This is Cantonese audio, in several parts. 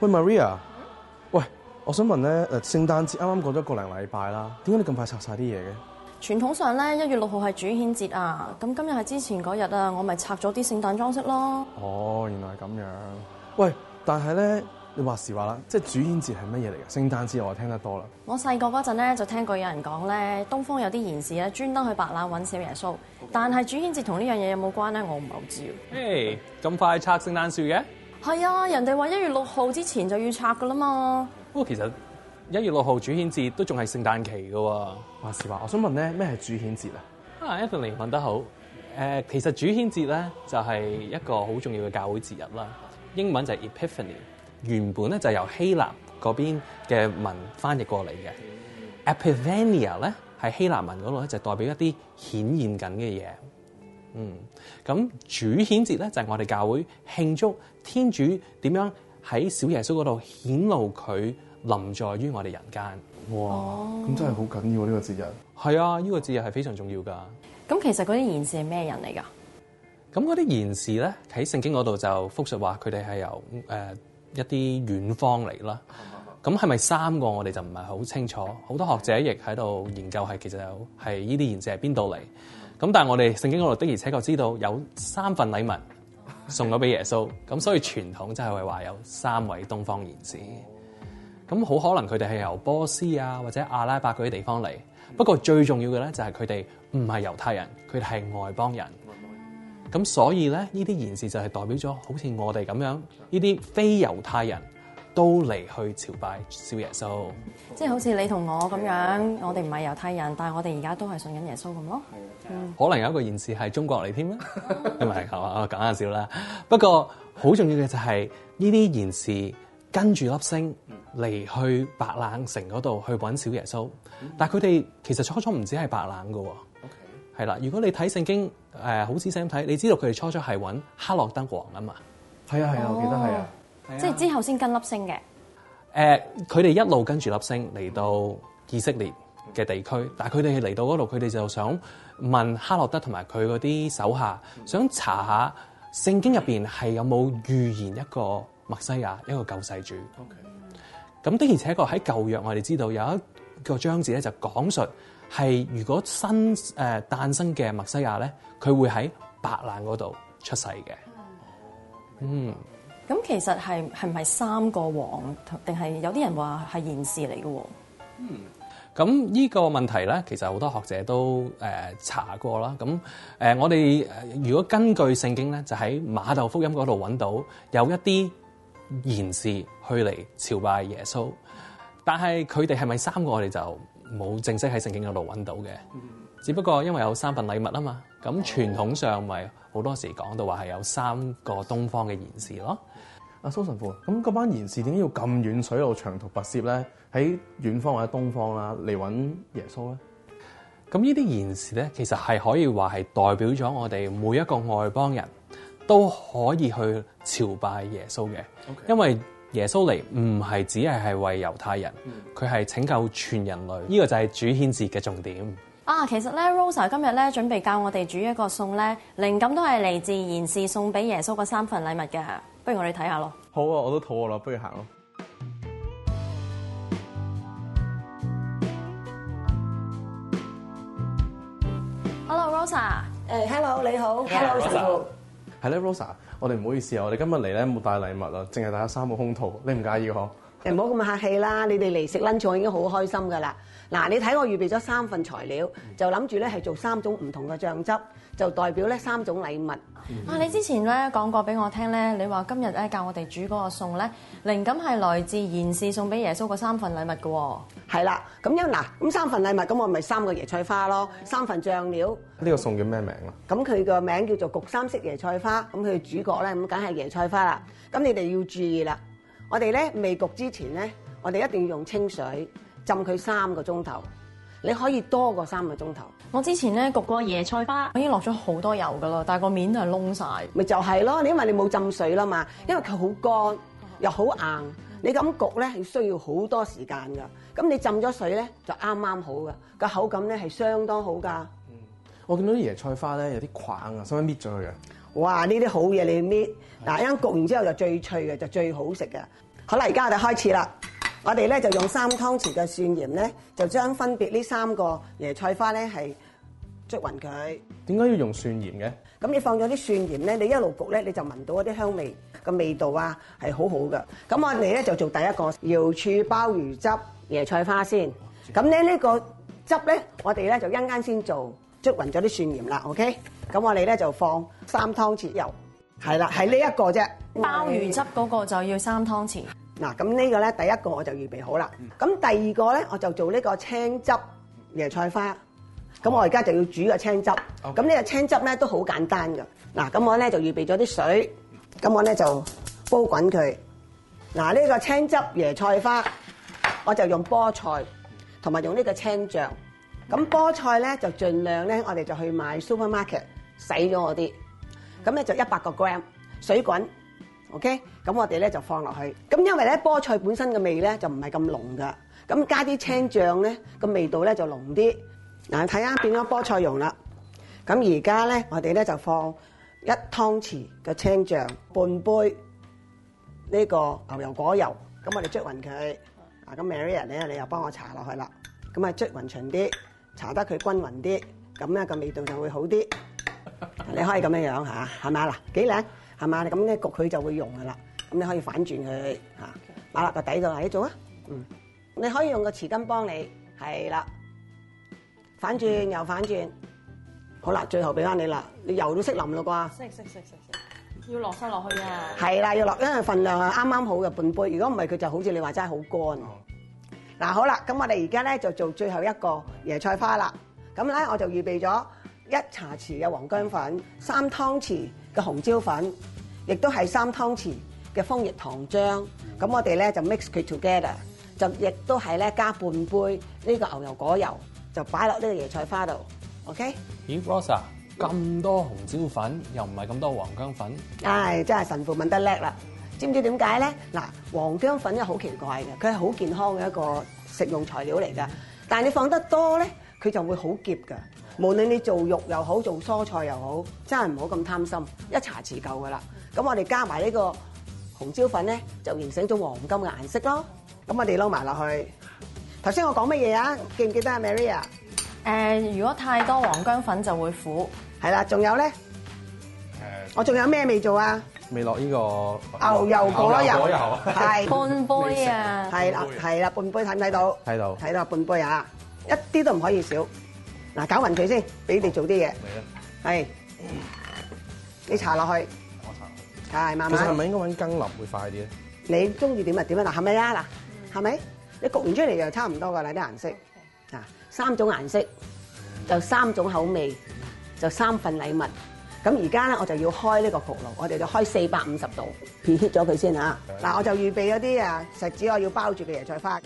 喂，Maria，喂，我想問咧，誒，聖誕節啱啱過咗個零禮拜啦，點解你咁快拆晒啲嘢嘅？傳統上咧，一月六號係主顯節啊，咁今日係之前嗰日啊，我咪拆咗啲聖誕裝飾咯。哦，原來係咁樣。喂，但係咧，你話時話啦，即係主顯節係乜嘢嚟噶？聖誕節我聽得多啦。我細個嗰陣咧就聽過有人講咧，東方有啲賢士咧專登去白蘭搵小耶穌，但係主顯節同呢樣嘢有冇關係，我唔係好知。嘿，咁快拆聖誕樹嘅？係啊，人哋話一月六號之前就要拆噶啦嘛。不、哦、過其實一月六號主顯節都仲係聖誕期噶喎、啊。話時話，我想問咧咩係主顯節啊？啊，Anthony 問得好。誒、呃，其實主顯節咧就係、是、一個好重要嘅教會節日啦。英文就係 Epiphany，原本咧就由希臘嗰邊嘅文翻譯過嚟嘅。Epiphania 咧係希臘文嗰度咧就代表一啲顯現緊嘅嘢。嗯，咁主顯節咧就係、是、我哋教會慶祝天主點樣喺小耶穌嗰度顯露佢臨在於我哋人間。哇！咁、哦、真係好緊要呢、這個節日。係啊，呢、這個節日係非常重要噶。咁其實嗰啲賢士係咩人嚟噶？咁嗰啲賢士咧喺聖經嗰度就複述話佢哋係由誒、呃、一啲遠方嚟啦。咁係咪三個我哋就唔係好清楚。好多學者亦喺度研究係其實係呢啲賢士係邊度嚟？咁但係我哋聖經嗰度的而且確知道有三份禮物送咗俾耶穌，咁所以傳統就係話有三位東方賢士，咁好可能佢哋係由波斯啊或者阿拉伯嗰啲地方嚟，不過最重要嘅咧，就係佢哋唔係猶太人，佢哋係外邦人，咁所以咧呢啲賢士就係代表咗好似我哋咁樣呢啲非猶太人。都嚟去朝拜小耶穌，即係好似你同我咁樣，我哋唔係猶太人，是但係我哋而家都係信緊耶穌咁咯。可能有一個賢士係中國嚟添啊，唔係係嘛？講下笑啦。不過好重要嘅就係呢啲賢士跟住粒星嚟去白冷城嗰度去揾小耶穌，但係佢哋其實初初唔止係白冷嘅喎。係啦，如果你睇聖經誒好仔細咁睇，你知道佢哋初初係揾黑落德王啊嘛。係啊係啊，我記得係啊。即係之後先跟粒星嘅。誒、嗯，佢哋一路跟住粒星嚟到以色列嘅地區，但係佢哋係嚟到嗰度，佢哋就想問哈洛德同埋佢嗰啲手下，想查下聖經入邊係有冇預言一個墨西亞一個救世主。OK。咁的而且確喺舊約，我哋知道有一個章節咧，就講述係如果新誒、呃、誕生嘅墨西亞咧，佢會喺白蘭嗰度出世嘅。Okay. 嗯。咁其實係係唔係三個王，定係有啲人話係賢士嚟嘅喎？嗯，咁呢個問題咧，其實好多學者都誒查過啦。咁誒，我哋如果根據聖經咧，就喺瑪竇福音嗰度揾到有一啲賢士去嚟朝拜耶穌，但係佢哋係咪三個，我哋就冇正式喺聖經嗰度揾到嘅。只不過因為有三份禮物啊嘛，咁傳統上咪好多時講到話係有三個東方嘅賢士咯。阿蘇神父，咁嗰班賢士點解要咁遠水路長途跋涉咧？喺遠方或者東方啦嚟揾耶穌咧？咁呢啲賢士咧，其實係可以話係代表咗我哋每一個外邦人都可以去朝拜耶穌嘅，okay. 因為耶穌嚟唔係只係係為猶太人，佢係拯救全人類。呢、呢個就係主顯節嘅重點。啊，其實咧 Rosa 今日咧準備教我哋煮一個餸咧，靈感都係嚟自賢士送俾耶穌嗰三份禮物嘅，不如我哋睇下咯。好啊，我都肚餓喇，不如行咯。Hello，Rosa 誒、uh,，Hello，你好。Hello，陳 hello, 富。係咧 Rosa 我哋唔好意思啊，我哋今日嚟咧冇帶禮物啊，淨係帶咗三個空肚，你唔介意嗬？唔好咁客氣啦！你哋嚟食 lunch 已經好開心噶啦。嗱，你睇我預備咗三份材料，就諗住咧係做三種唔同嘅醬汁，就代表咧三種禮物。啊、嗯，你之前咧講過俾我聽咧，你話今日咧教我哋煮嗰個餸咧，靈感係來自賢士送俾耶穌嘅三份禮物嘅喎。係啦，咁樣嗱，咁三份禮物，咁我咪三個椰菜花咯，三份醬料。呢、這個餸叫咩名啦？咁佢個名叫做《焗三色椰菜花》。咁佢嘅主角咧，咁梗係椰菜花啦。咁你哋要注意啦。我哋咧未焗之前咧，我哋一定要用清水浸佢三個鐘頭。你可以多過三個鐘頭。我之前咧焗過椰菜花，我已經落咗好多油噶啦，但係個面都係燶晒。咪就係咯，你因為你冇浸水啦嘛，因為佢好乾又好硬，你咁焗咧係需要好多時間噶。咁你浸咗水咧就啱啱好噶，個口感咧係相當好噶。嗯，我見到啲椰菜花咧有啲框啊，使唔使搣咗佢嘅？哇！呢啲好嘢你搣，嗱一陣焗完之後就最脆嘅，就最好食嘅。好啦，而家我哋開始啦，我哋咧就用三湯匙嘅蒜鹽咧，就將分別呢三個椰菜花咧係捽勻佢。點解要用蒜鹽嘅？咁你放咗啲蒜鹽咧，你一路焗咧你就聞到一啲香味個味道啊，係好好嘅。咁我哋咧就做第一個瑤柱鮑魚汁椰菜花先。咁咧呢個汁咧，我哋咧就一陣先做。捽勻咗啲蒜鹽啦，OK，咁我哋咧就放三湯匙油，係啦，係呢一個啫。鮑魚汁嗰個就要三湯匙。嗱，咁呢個咧第一個我就預備好啦，咁第二個咧我就做呢個青汁椰菜花，咁我而家就要煮個青汁。咁呢個青汁咧都好簡單噶，嗱，咁我咧就預備咗啲水，咁我咧就煲滾佢。嗱，呢個青汁椰菜花，我就用菠菜同埋用呢個青醬。咁菠菜咧就儘量咧，我哋就去買 supermarket 洗咗嗰啲，咁咧就一百個 gram，水滾，OK，咁我哋咧就放落去。咁因為咧菠菜本身嘅味咧就唔係咁濃噶，咁加啲青醬咧個味道咧就濃啲。嗱，你睇下變咗菠菜蓉啦。咁而家咧我哋咧就放一湯匙嘅青醬，半杯呢個牛油果油，咁我哋捽勻佢。啊，咁 Marian 咧你又幫我搽落去啦。咁啊捽勻長啲。搽得佢均勻啲，咁咧個味道就會好啲。你可以咁樣樣嚇，係咪啊嗱？幾靚係嘛？咁咧焗佢就會溶噶啦。咁你可以反轉佢嚇。好啦，個底就係呢種啊。嗯，你可以用個匙羹幫你。係啦，反轉又反轉。好啦，最後俾翻你啦。你油都識淋啦啩？識識識識識，要落晒落去啊！係啦，要落，因為份量係啱啱好嘅半杯。如果唔係，佢就好似你話齋係好乾。嗱好啦，咁我哋而家咧就做最後一個椰菜花啦。咁咧我就預備咗一茶匙嘅黃薑粉，三湯匙嘅紅椒粉，亦都係三湯匙嘅蜂蜜糖漿。咁我哋咧就 mix 佢 together，就亦都係咧加半杯呢個牛油果油，就擺落呢個椰菜花度。OK？咦，Bros a 咁多紅椒粉又唔係咁多黃薑粉？唉、哎，真係神父問得叻啦。知唔知點解咧？嗱，黃薑粉又好奇怪嘅，佢係好健康嘅一個食用材料嚟噶。但係你放得多咧，佢就會好澀噶。無論你做肉又好，做蔬菜又好，真係唔好咁貪心，一茶匙夠噶啦。咁我哋加埋呢個紅椒粉咧，就形成咗黃金嘅顏色咯。咁我哋撈埋落去。頭先我講乜嘢啊？記唔記得啊，Maria？誒，如果太多黃薑粉就會苦。係啦，仲有咧。我仲有咩未做啊？未落呢個牛油果油，係半杯啊，係啦，係啦，半杯睇唔睇到？睇到，睇到半杯啊，一啲都唔可以少。嗱，攪勻佢先，俾你做啲嘢。嚟啦，係，你搽落去。我搽。係，慢慢。其實係咪應該揾羹立會快啲咧？你中意點就點啊！嗱，係咪啊？嗱，係咪？你焗完出嚟就差唔多㗎啦。啲顏色。嗱，三種顏色，就三種口味，就三份禮物。咁而家咧我就要開呢個焗爐，我哋就開四百五十度撇 h e t 咗佢先啊！嗱，我就預備嗰啲啊石子，我要包住嘅椰菜花，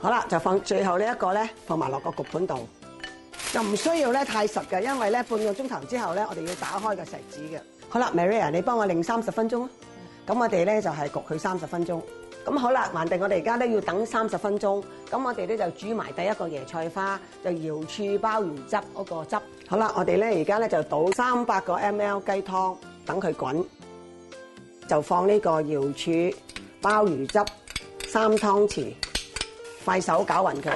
好啦，就放最後呢一個咧，放埋落個焗盤度，就唔需要咧太實嘅，因為咧半個鐘頭之後咧，我哋要打開嘅石子嘅。好啦，Maria，你幫我令三十分鐘啊！咁、嗯、我哋咧就係焗佢三十分鐘。咁好啦，橫定我哋而家咧要等三十分鐘。咁我哋咧就煮埋第一個椰菜花，就瑤柱鮑魚汁嗰個汁。好啦，我哋咧而家咧就倒三百個 ml 雞湯，等佢滾，就放呢個瑤柱鮑魚汁三湯匙，快手攪勻佢，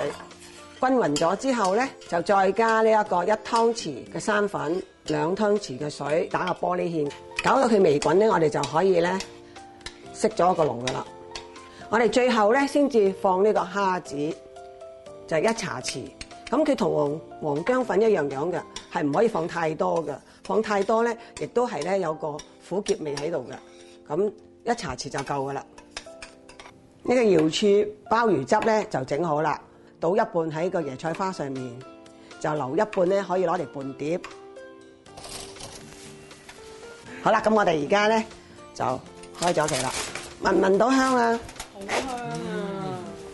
均勻咗之後咧，就再加呢一個一湯匙嘅生粉，兩湯匙嘅水，打個玻璃芡，攪到佢微滾咧，我哋就可以咧熄咗一個爐噶啦。我哋最後咧，先至放呢個蝦子，就係一茶匙。咁佢同黃黃薑粉一樣樣嘅，係唔可以放太多嘅。放太多咧，亦都係咧有個苦澀味喺度嘅。咁一茶匙就夠噶啦。呢個瑤柱鮑魚汁咧就整好啦，倒一半喺個椰菜花上面，就留一半咧可以攞嚟拌碟。好啦，咁我哋而家咧就開咗佢啦，聞唔聞到香啊？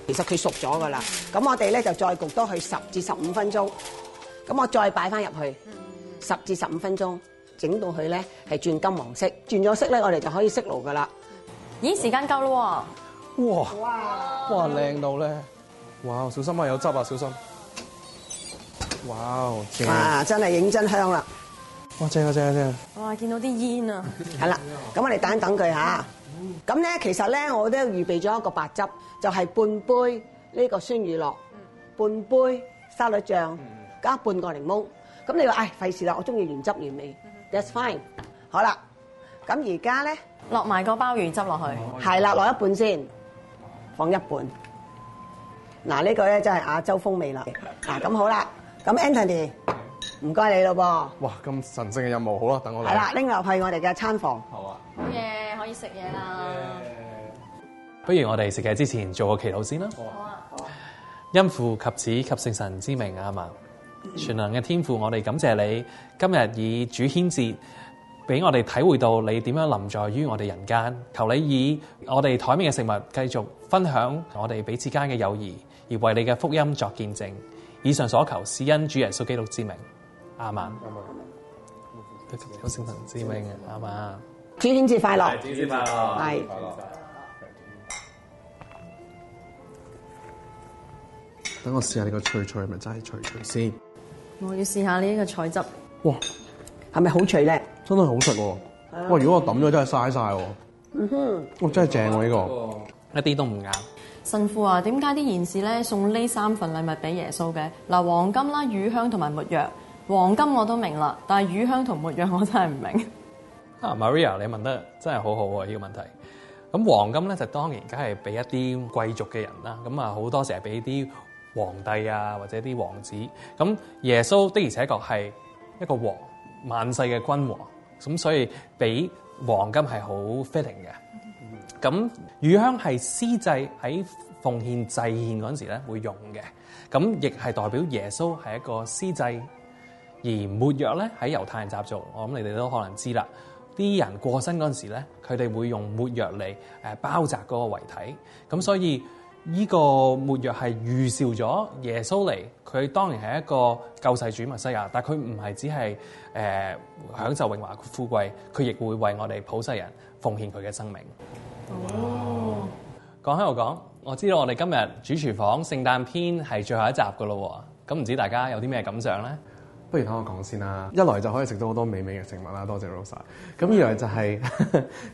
其實佢熟咗噶啦，咁我哋咧就再焗多佢十至十五分鐘，咁我再擺翻入去十至十五分鐘，整到佢咧係轉金黃色，轉咗色咧我哋就可以熄爐噶啦。咦，時間夠咯。哇！哇！哇，靚到咧！哇，小心啊，有汁啊，小心！哇哦！哇，真係認真香啦！哇，正啊，正啊，正啊！哇，見到啲煙啊！係啦，咁我哋等一等佢吓。咁咧，其實咧，我都預備咗一個白汁，就係半杯呢個酸乳酪，半杯沙律醬，加半個檸檬。咁你話誒，費事啦，我中意原汁原味。That's fine。好啦，咁而家咧落埋個鮑魚汁落去，係啦，落一半先，放一半。嗱，呢個咧就係亞洲風味啦。嗱，咁好啦，咁 Anthony，唔該你咯噃。哇，咁神聖嘅任務，好啦，等我嚟。係啦，拎落去我哋嘅餐房。好啊。嘢、yeah, 可以食嘢啦，yeah. 不如我哋食嘢之前做個祈禱先啦。好啊。好啊。因父及子及聖神之名阿們。全能嘅天父，我哋感謝你今日以主牽節俾我哋體會到你點樣臨在於我哋人間。求你以我哋台面嘅食物繼續分享我哋彼此間嘅友誼，而為你嘅福音作見證。以上所求是因主耶穌基督之名。阿們，得、嗯、聖、嗯嗯、神之名阿們。主顯節快樂！係主顯節快樂！係，等我試下呢個脆脆係咪真係脆脆先？我要試下呢個菜汁。哇，係咪好脆咧？真係好食喎，啊啊！哇，如果我抌咗真係嘥晒喎！嗯哼，哇，我真係正喎呢個，一啲都唔啱。神父啊，點解啲賢士咧送呢三份禮物俾耶穌嘅？嗱，啊，黃金啦，乳香同埋沒藥。黃金我都明啦，但係乳香同沒藥我真係唔明白。啊，Maria，你問得真係好好、啊、喎！呢、呢個問題，咁黃金咧就當然梗係俾一啲貴族嘅人啦。咁啊，好多時係俾啲皇帝啊或者啲王子。咁耶穌的而且確係一個王，萬世嘅君王。咁所以俾黃金係好 fitting 嘅。咁、嗯、乳、嗯、香係司祭喺奉獻祭獻嗰陣時咧會用嘅。咁亦係代表耶穌係一個司祭。而末藥咧喺猶太人習俗，我諗你哋都可能知啦。啲人過身嗰陣時咧，佢哋會用沒藥嚟誒包紮嗰個遺體，咁所以呢個沒藥係預兆咗耶穌嚟。佢當然係一個救世主、默西亞，但佢唔係只係誒、呃、享受榮華富貴，佢亦會為我哋普世人奉獻佢嘅生命。哦，講喺度講，我知道我哋今日主廚房聖誕篇係最後一集噶咯喎，咁唔知大家有啲咩感想咧？不如等我講先啦，一來就可以食到好多美味嘅食物啦，多謝 Rosa，咁二來就係，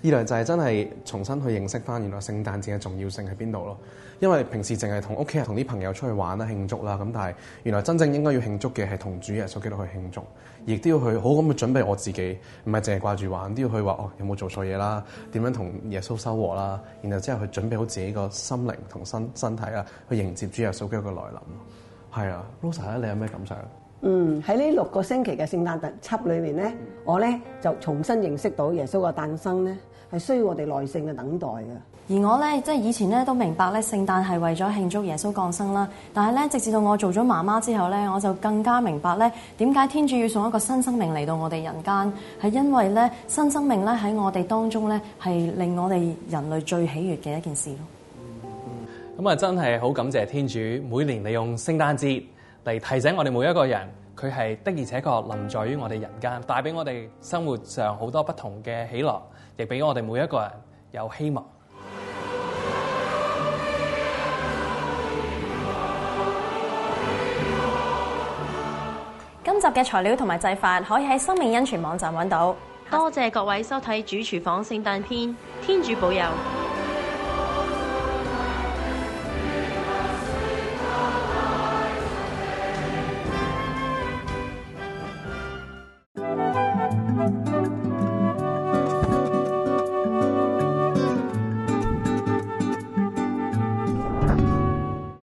二來就係、是、真係重新去認識翻原來聖誕節嘅重要性喺邊度咯。因為平時淨係同屋企人、同啲朋友出去玩啦、慶祝啦，咁但係原來真正應該要慶祝嘅係同主耶穌基督去慶祝，亦都要去好咁去準備我自己，唔係淨係掛住玩，都要去話哦，有冇做錯嘢啦？點樣同耶穌修和啦？然後之後去準備好自己個心靈同身身體啦，去迎接主耶穌基督嘅來臨。係啊 Rosa 咧，Rosa，你有咩感想？嗯，喺呢六個星期嘅聖誕特輯裏面呢，我呢就重新認識到耶穌嘅誕生呢，係需要我哋耐性嘅等待嘅。而我呢，即係以前呢都明白呢，聖誕係為咗慶祝耶穌降生啦。但係呢，直至到我做咗媽媽之後呢，我就更加明白呢，點解天主要送一個新生命嚟到我哋人間，係因為呢新生命呢喺我哋當中呢，係令我哋人類最喜悅嘅一件事咯。咁、嗯、啊、嗯，真係好感謝天主，每年利用聖誕節。嚟提醒我哋每一個人，佢係的而且確臨在於我哋人間，帶俾我哋生活上好多不同嘅喜樂，亦俾我哋每一個人有希望。今集嘅材料同埋製法可以喺生命恩泉網站揾到。多謝各位收睇《主廚房聖誕篇》，天主保佑。